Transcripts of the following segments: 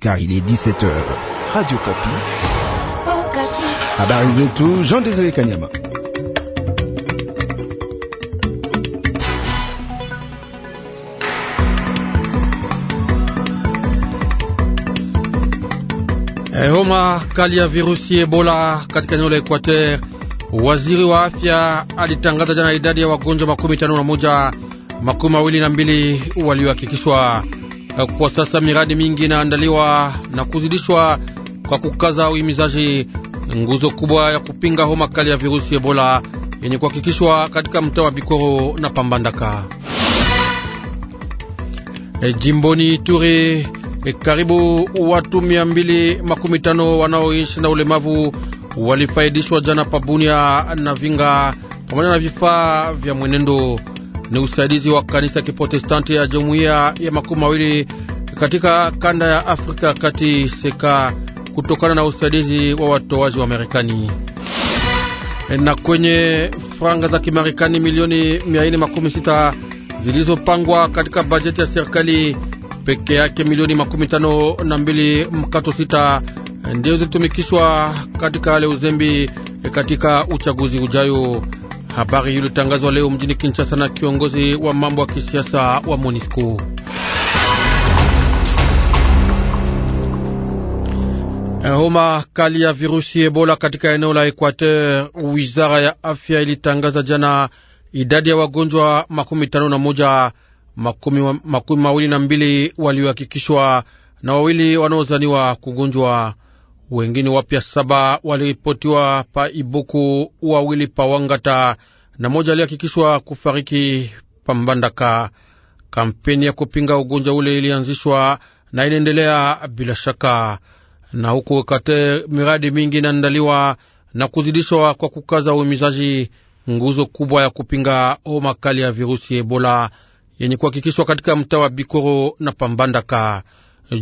car il est 17h. Radio Kapi. Oh, Kapi. Habari zetu Jean Désiré Kanyama. Hey, eh, homa kali ya virusi Ebola katika eneo la Equateur. Waziri wa afya alitangaza jana idadi ya wagonjwa makumi tano na moja makumi mawili na mbili waliohakikishwa Eh, kwa sasa miradi mingi inaandaliwa na kuzidishwa kwa kukaza uhimizaji. Nguzo kubwa ya kupinga homa kali ya virusi Ebola yenye kuhakikishwa katika mtaa wa Bikoro na Pambandaka e, jimboni Ituri e, karibu watu mia mbili makumi tano wanaoishi na ulemavu walifaidishwa jana pabunia na Vinga pamoja na vifaa vya mwenendo ni usaidizi wa kanisa kiprotestanti ya jumuiya ya makumi mawili katika kanda ya Afrika kati seka kutokana na usaidizi wa watoaji wa Marekani. Na kwenye franga za Kimarekani milioni 460 zilizopangwa katika bajeti ya serikali peke yake milioni makumi tano na mbili mkato sita ndio zilitumikishwa katika ale uzembi katika uchaguzi ujayo. Habari iliyotangazwa leo mjini Kinshasa na kiongozi wa mambo ya kisiasa wa MONUSCO. Homa kali ya virusi Ebola katika eneo la Equateur. Wizara ya afya ilitangaza jana idadi ya wagonjwa makumi tano na moja, makumi mawili na mbili waliohakikishwa na wawili wanaozaniwa kugonjwa wengine wapya saba waliripotiwa pa Ibuku, wawili pa Wangata na moja alihakikishwa kufariki Pambandaka. Kampeni ya kupinga ugonjwa ule ilianzishwa na inaendelea bila shaka, na huko Kate miradi mingi inaandaliwa na kuzidishwa kwa kukaza uhimizaji, nguzo kubwa ya kupinga homa kali ya virusi Ebola yenye kuhakikishwa katika mtaa wa Bikoro na Pambandaka.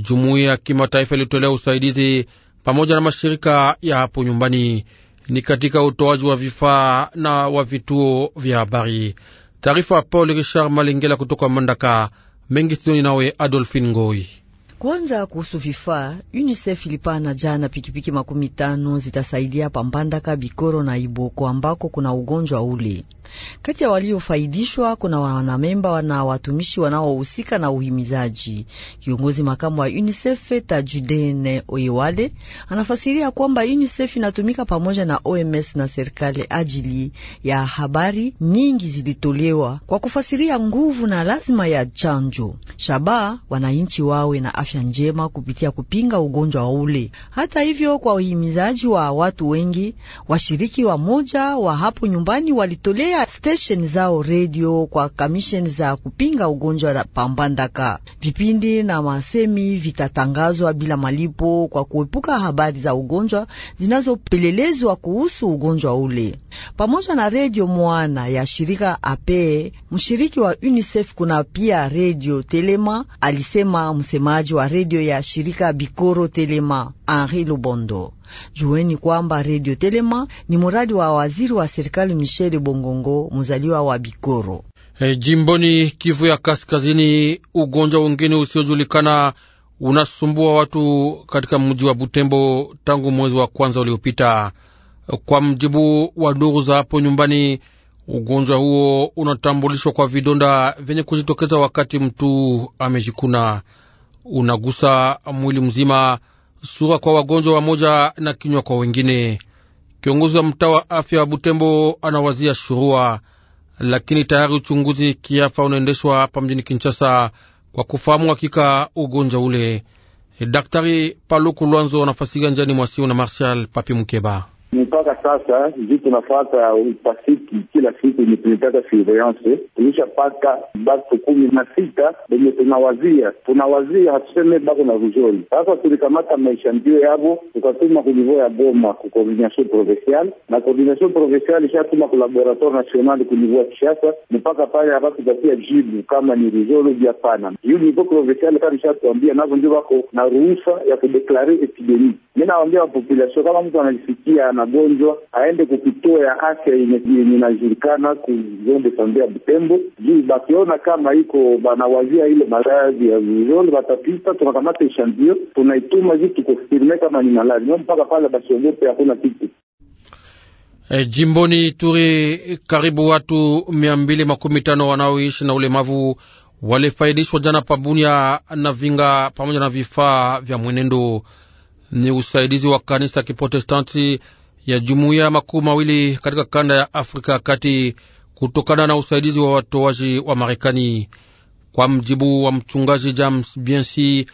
Jumuiya ya kimataifa ilitolea usaidizi pamoja na mashirika ya hapo nyumbani, ni katika utoaji wa vifaa na wa vituo vya habari. Taarifa Paul Richard Malengela kutoka Mandaka mengi sioni nawe Adolfin Ngoi. Kwanza kuhusu vifaa, UNICEF ilipana jana pikipiki makumi tano zitasaidia Pambandaka, Bikoro na Iboko ambako kuna ugonjwa ule. Kati ya waliofaidishwa kuna wanamemba na watumishi wanaohusika na uhimizaji. Kiongozi makamu wa UNICEF Tajudene Oyewale anafasiria kwamba UNICEF inatumika pamoja na OMS na serikali. Ajili ya habari nyingi zilitolewa kwa kufasiria nguvu na lazima ya chanjo shaba wananchi wawe na afya njema kupitia kupinga ugonjwa ule. Hata hivyo, kwa uhimizaji wa watu wengi, washiriki wa moja wa hapo nyumbani walitolea stesheni zao redio kwa kamisheni za kupinga ugonjwa la pambandaka. Vipindi na masemi vitatangazwa bila malipo kwa kuepuka habari za ugonjwa zinazopelelezwa kuhusu ugonjwa ule pamoja na redio mwana ya shirika ape mshiriki wa UNICEF. Kuna pia redio Telema, alisema msemaji wa redio ya shirika Bikoro Telema, Henri Lubondo. Jueni kwamba redio Telema ni muradi wa waziri wa serikali Michel Bongongo, muzaliwa wa Bikoro. Hey, eh, jimboni Kivu ya Kaskazini, ugonjwa wengine usiojulikana unasumbua watu katika mji wa Butembo tangu mwezi wa kwanza uliopita. Kwa mjibu wa ndugu za hapo nyumbani, ugonjwa huo unatambulishwa kwa vidonda vyenye kujitokeza wakati mtu amejikuna. Unagusa mwili mzima, sura kwa wagonjwa wamoja na kinywa kwa wengine. Kiongozi wa mtaa wa afya wa Butembo anawazia shurua, lakini tayari uchunguzi kiafa unaendeshwa hapa mjini Kinshasa kwa kufahamu hakika ugonjwa ule. Daktari Paluku Lwanzo anafasiria njani mwasiu na Marshal Papi Mkeba mpaka sasa juu tunafata upasiki kila siku yenye tunaitaka surveillance, tulishapata batu kumi na sita venye tunawazia tunawazia, hatuseme bako na rujoli. Sasa tulikamata maisha ndio yavo, tukatuma kunivou ya boma ku coordination provinciale, na coordination provinciale ishatuma ku laboratoire national kunivou ya Kishasa, mpaka pale hapa jibu kama ni rujoli japana. Hiyo nivo provinciale kama ishatuambia nazo ndio wako na ruhusa ya kudeklare epidemie. Mi nawambia wapopulation kama mtu anajisikia na magonjwa aende kukituo ya afya yenye inajulikana kuzonde sambea Butembo, juu bakiona kama iko banawazia ile maradhi ya vizole, batapita tunakamata ishandio tunaituma juu tukofirme kama ni malari no mpaka pale basiogope, hakuna kitu. E, jimboni Ituri karibu watu mia mbili makumi tano wanaoishi na ulemavu walifaidishwa jana pabunia na vinga pamoja na vifaa vya mwenendo. Ni usaidizi wa kanisa ya Kiprotestanti ya jumuiya makuu mawili katika kanda ya Afrika kati kutokana na usaidizi wa watoaji wa Marekani. Kwa mjibu wa mchungaji James Biensi,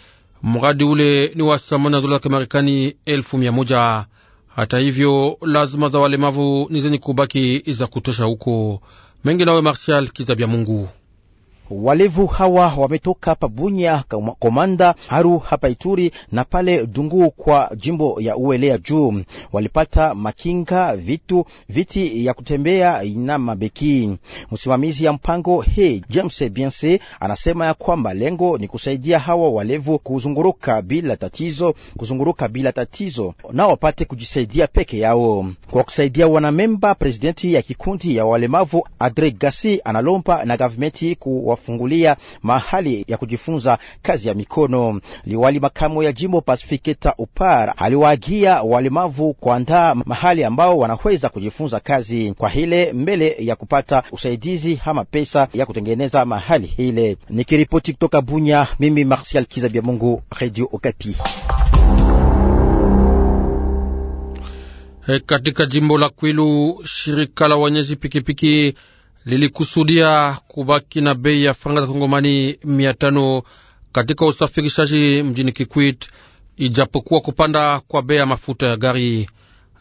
mradi ule ni wa thamani ya dola za Kimarekani elfu mia moja. Hata hivyo, lazima za walemavu ni zenye kubaki za kutosha huko mengi. Nawe Marshal Kizabya Mungu. Walevu hawa wametoka hapa Bunya Komanda, Haru hapa Ituri na pale Dungu kwa jimbo ya Uelea juu. Walipata makinga, vitu, viti ya kutembea na mabeki. Msimamizi ya mpango he James Biense anasema ya kwamba lengo ni kusaidia hawa walevu kuzunguruka bila tatizo, kuzunguruka bila tatizo na wapate kujisaidia peke yao. Kwa kusaidia wanamemba, presidenti ya kikundi ya walemavu Adre Gasi analomba na gavumenti kuwa kuwafungulia mahali ya kujifunza kazi ya mikono. Liwali makamo ya jimbo Pasifiketa Upar aliwaagia walemavu kuandaa mahali ambao wanaweza kujifunza kazi kwa hile mbele ya kupata usaidizi ama pesa ya kutengeneza mahali hile. Nikiripoti kutoka Bunya, mimi Marsial Kizabia Mungu, Radio Okapi. He, eh, katika jimbo la Kwilu shirika la wenyezi pikipiki lilikusudia kubaki na bei ya franga za Kongomani mia tano katika usafirishaji mjini Kikwit, ijapokuwa kupanda kwa bei ya mafuta ya gari.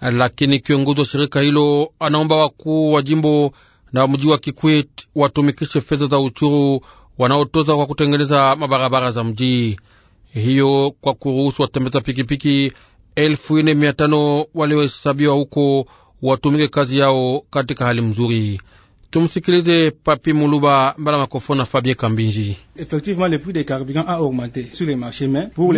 Lakini kiongozi wa shirika hilo anaomba wakuu wa jimbo na mji wa Kikwit watumikishe fedha za uchuru wanaotoza kwa kutengeneza mabarabara za mji hiyo kwa kuruhusu watembeza pikipiki elfu ine mia tano waliohesabiwa huko watumike kazi yao katika hali mzuri. Tumsikilize Papi Muluba mbala makofona Fabien Kambinji.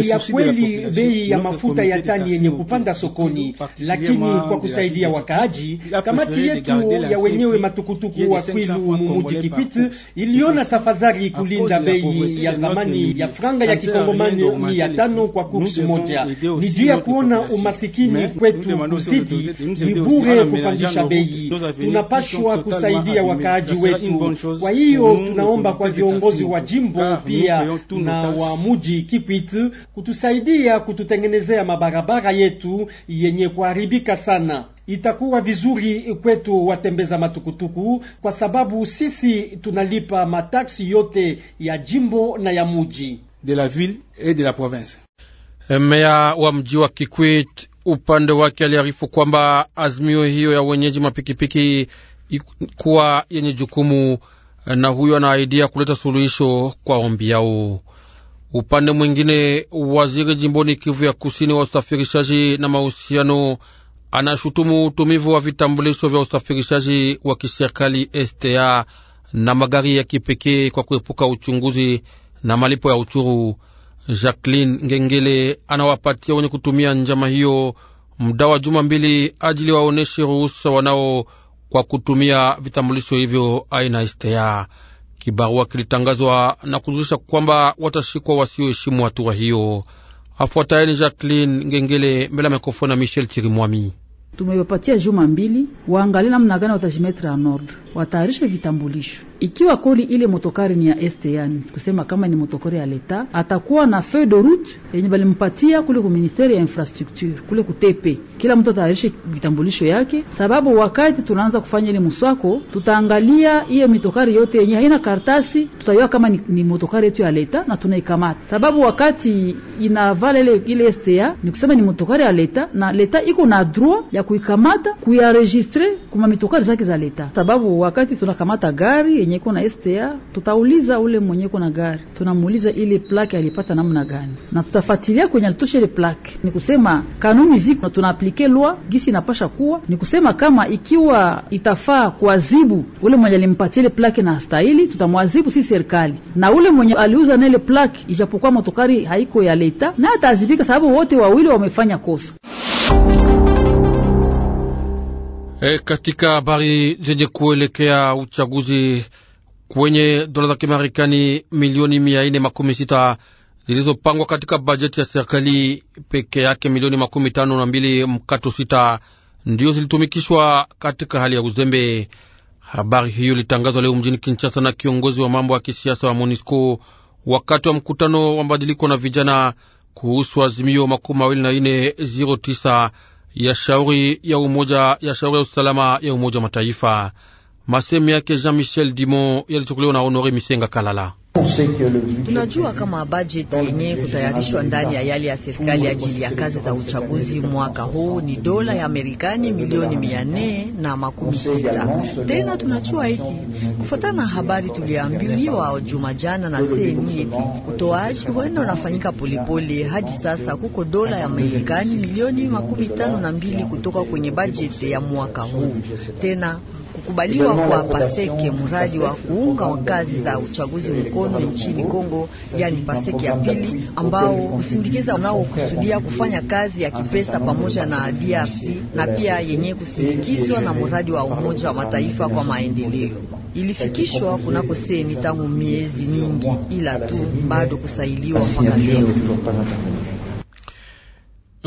ya kweli bei ya mafuta ya tani yenye kupanda sokoni, lakini kwa kusaidia wakaaji, kamati yetu ya wenyewe matukutuku wa Kwilu mumuji Kikwit iliona tafadhali kulinda bei ya zamani ya franga ya kikongomani mia tano kwa kursi moja. Ni juu ya kuona umasikini kwetu kuzidi, ni bure kupandisha bei, tunapashwa kusaidia wakaaji wetu. Kwa hiyo tunaomba kwa viongozi wa jimbo ah, pia na wa muji Kipit kutusaidia kututengenezea mabarabara yetu yenye kuharibika sana. Itakuwa vizuri kwetu watembeza matukutuku, kwa sababu sisi tunalipa mataksi yote ya jimbo na ya muji de la ville et de la province. Eh, meya wa mji wa Kikwit upande wake aliarifu kwamba azimio hiyo ya wenyeji mapikipiki kuwa yenye jukumu, eh, na huyo anaaidia kuleta suluhisho kwa ombi yao. Upande mwingine, waziri jimboni Kivu ya Kusini wa usafirishaji na mahusiano anashutumu utumivu wa vitambulisho vya usafirishaji wa kiserikali STA na magari ya kipekee kwa kuepuka uchunguzi na malipo ya uchuru. Jacqueline Ngengele anawapatia wenye kutumia njama hiyo muda wa juma mbili ajili waoneshe ruhusa wanao kwa kutumia vitambulisho hivyo aina STA. Kibarua kilitangazwa na kuzulisha kwamba watashikwa wasioheshimu hatua hiyo. Afuataye ni Jacqueline Ngengele mbele ya mikrofoni na Michel Chirimwami tumewapatia juma mbili waangalie namna gani watajimetre en ordre, watayarishe vitambulisho. Ikiwa koli ile motokari ni ya ST, yani kusema kama ni motokari ya leta, atakuwa na feu de route yenye balimpatia kule ku ministeri ya infrastructure kule kutepe. Kila mtu atayarishe vitambulisho yake, sababu wakati tunaanza kufanya ile muswako, tutaangalia hiyo mitokari yote yenye haina kartasi tutaiwa kama ni, ni motokari yetu ya leta na tunaikamata, sababu wakati inavala ile ile STA ni kusema ni motokari ya leta na leta iko na droit ya kuikamata kuyaregistre kuma mitokari zake za leta, sababu wakati tunakamata gari yenye iko na STA tutauliza ule mwenye iko na gari, tunamuuliza ile plaque alipata namna gani, na tutafuatilia kwenye alitosha ile plaque. Ni kusema kanuni ziko tunaaplike loi gisi inapasha kuwa, ni kusema kama ikiwa itafaa kuadhibu ule mwenye alimpatia ile plaque na astahili, tutamwadhibu sisi serikali, na ule mwenye aliuza nele plaque, ijapokuwa motokari haiko ya leta, na ataazibika sababu wote wawili wamefanya kosa. E, katika habari zenye kuelekea uchaguzi kwenye dola za Kimarekani milioni mia nne makumi sita zilizopangwa katika bajeti ya serikali peke yake milioni makumi tano na mbili mkato sita ndiyo zilitumikishwa katika hali ya uzembe. Habari hiyo ilitangazwa leo mjini Kinshasa na kiongozi wa mambo ya kisiasa wa MONUSCO wakati wa mkutano wa mabadiliko na vijana kuhusu azimio makumi mawili na ine ziro tisa ya shauri ya umoja ya shauri ya usalama ya Umoja wa Mataifa. Masemi yake Jean Michel Dimon yalichukuliwa na Honore Misenga Kalala. Tunajua kama bajeti yenye kutayarishwa ndani ya yale ya serikali ajili ya kazi za uchaguzi mwaka huu ni dola ya Amerikani milioni mia nne na makumi sita. Tena tunajua eti kufuatana na habari tuliambiwa jumajana na seni eti utoaji huenda unafanyika polepole. Hadi sasa kuko dola ya Amerikani milioni makumi tano na mbili kutoka kwenye bajeti ya mwaka huu. Tena Kukubaliwa kwa Paseke, mradi wa kuunga wa kazi za uchaguzi mkono nchini Kongo, yani Paseke ya pili, ambao kusindikiza unaokusudia kufanya kazi ya kipesa pamoja na DRC na pia yenye kusindikizwa na mradi wa Umoja wa Mataifa kwa maendeleo ilifikishwa kunako seni tangu miezi mingi, ila tu bado kusailiwa mpaka leo.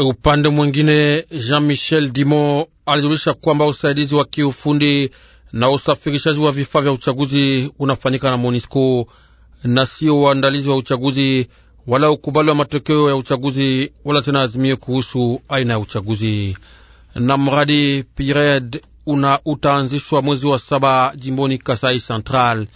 Upande mwingine Jean Michel Dimo alijulisha kwamba usaidizi wa kiufundi na usafirishaji wa vifaa vya uchaguzi unafanyika na MONUSCO na sio waandalizi wa uchaguzi wala ukubali wa matokeo ya uchaguzi wala tena azimio kuhusu aina ya uchaguzi. Na mradi Pired una utaanzishwa mwezi wa saba jimboni Kasai Central.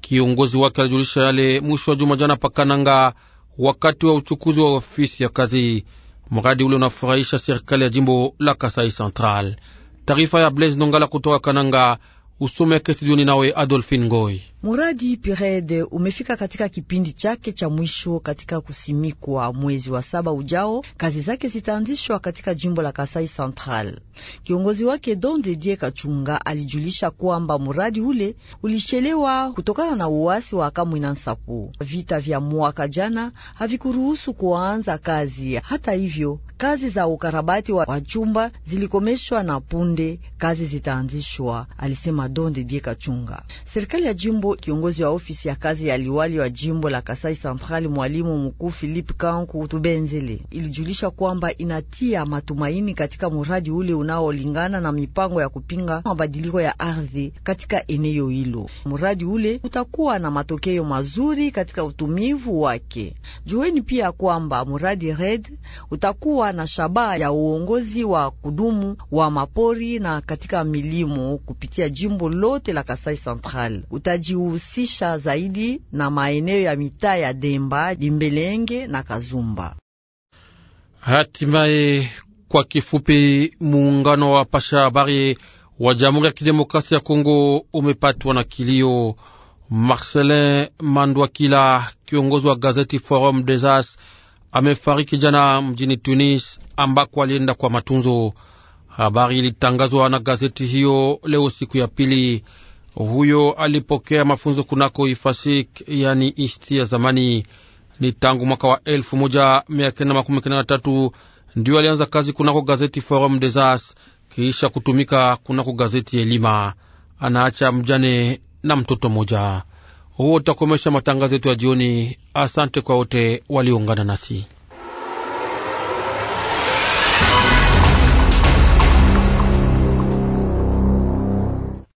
Kiongozi wake alijulisha yale mwisho wa juma jana pakananga, wakati wa uchukuzi wa ofisi ya kazi. Mradi ule unafurahisha serikali ya jimbo la Kasai Central. Taarifa ya Blaise Nongala kutoka Kananga usome kesi nawe Adolphine Ngoi. Muradi Pirede umefika katika kipindi chake cha mwisho katika kusimikwa mwezi wa saba ujao. Kazi zake zitaanzishwa katika jimbo la Kasai Central. Kiongozi wake Don Dedie Kachunga alijulisha kwamba muradi ule ulishelewa kutokana na uasi wa Kamwina Nsapu. Vita vya mwaka jana havikuruhusu kuanza kazi. Hata hivyo, kazi za ukarabati wa chumba zilikomeshwa na punde kazi zitaanzishwa, alisema Madonde Die Kachunga. Serikali ya jimbo, kiongozi wa ofisi ya kazi ya liwali wa jimbo la Kasai Central, mwalimu mkuu Philippe Kanku Tubenzele, ilijulisha kwamba inatia matumaini katika muradi ule unaolingana na mipango ya kupinga mabadiliko ya ardhi katika eneo hilo. muradi ule utakuwa na matokeo mazuri katika utumivu wake. Jueni pia kwamba muradi RED utakuwa na shabaha ya uongozi wa kudumu wa mapori na katika milimo kupitia jimbo jimbo lote la Kasai Central. Utajihusisha zaidi na maeneo ya mitaa ya Demba, Dimbelenge na Kazumba. Hatimaye, kwa kifupi, muungano wa pasha habari wa Jamhuri ya Kidemokrasia ya Kongo umepatwa na kilio. Marcelin Mandwakila, kiongozi wa gazeti Forum des As, amefariki jana mjini Tunis ambako alienda kwa matunzo. Habari ilitangazwa na gazeti hiyo leo siku ya pili. Huyo alipokea mafunzo kunako Ifasik, yani isti ya zamani. Ni tangu mwaka wa elfu moja mia kenda makumi kenda na tatu ndio alianza kazi kunako gazeti Forum des As, kisha kutumika kunako gazeti Elima. Anaacha mjane na mtoto mmoja. Huo utakomesha matangazo yetu ya jioni. Asante kwa wote waliungana nasi.